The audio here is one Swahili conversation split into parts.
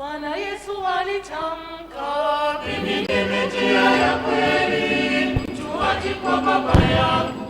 Bwana Yesu alitamka, mimi nimejia ya kweli, mchuaji kwa baba yangu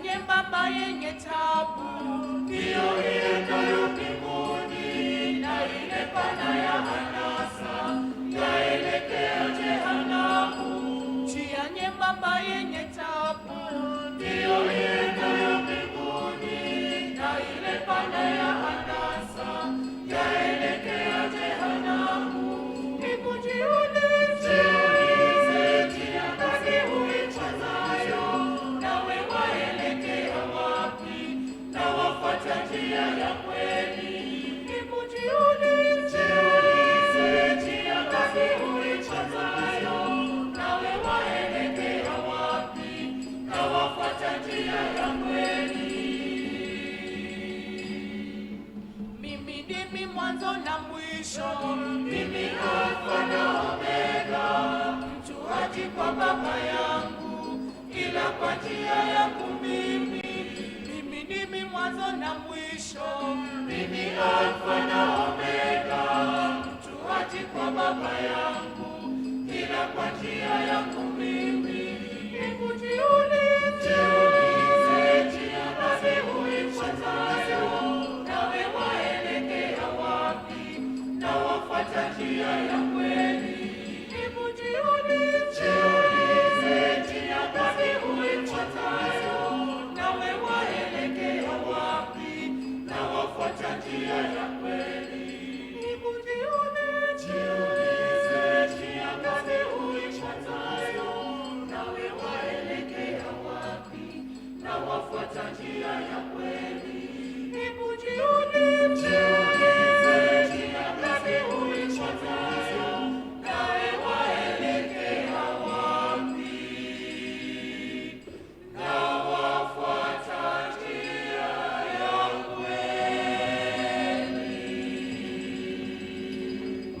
njia nyembamba yenye tabu, ndiyo iendayo mbinguni na ile pana ya mwanzo na mwisho, mimi Alfa na Omega, mchuaji kwa Baba yangu, ila kwa njia yangu mimi. Mimi ndimi mwanzo na mwisho, mimi Alfa na Omega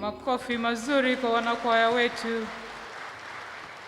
Makofi mazuri kwa wanakwaya wetu.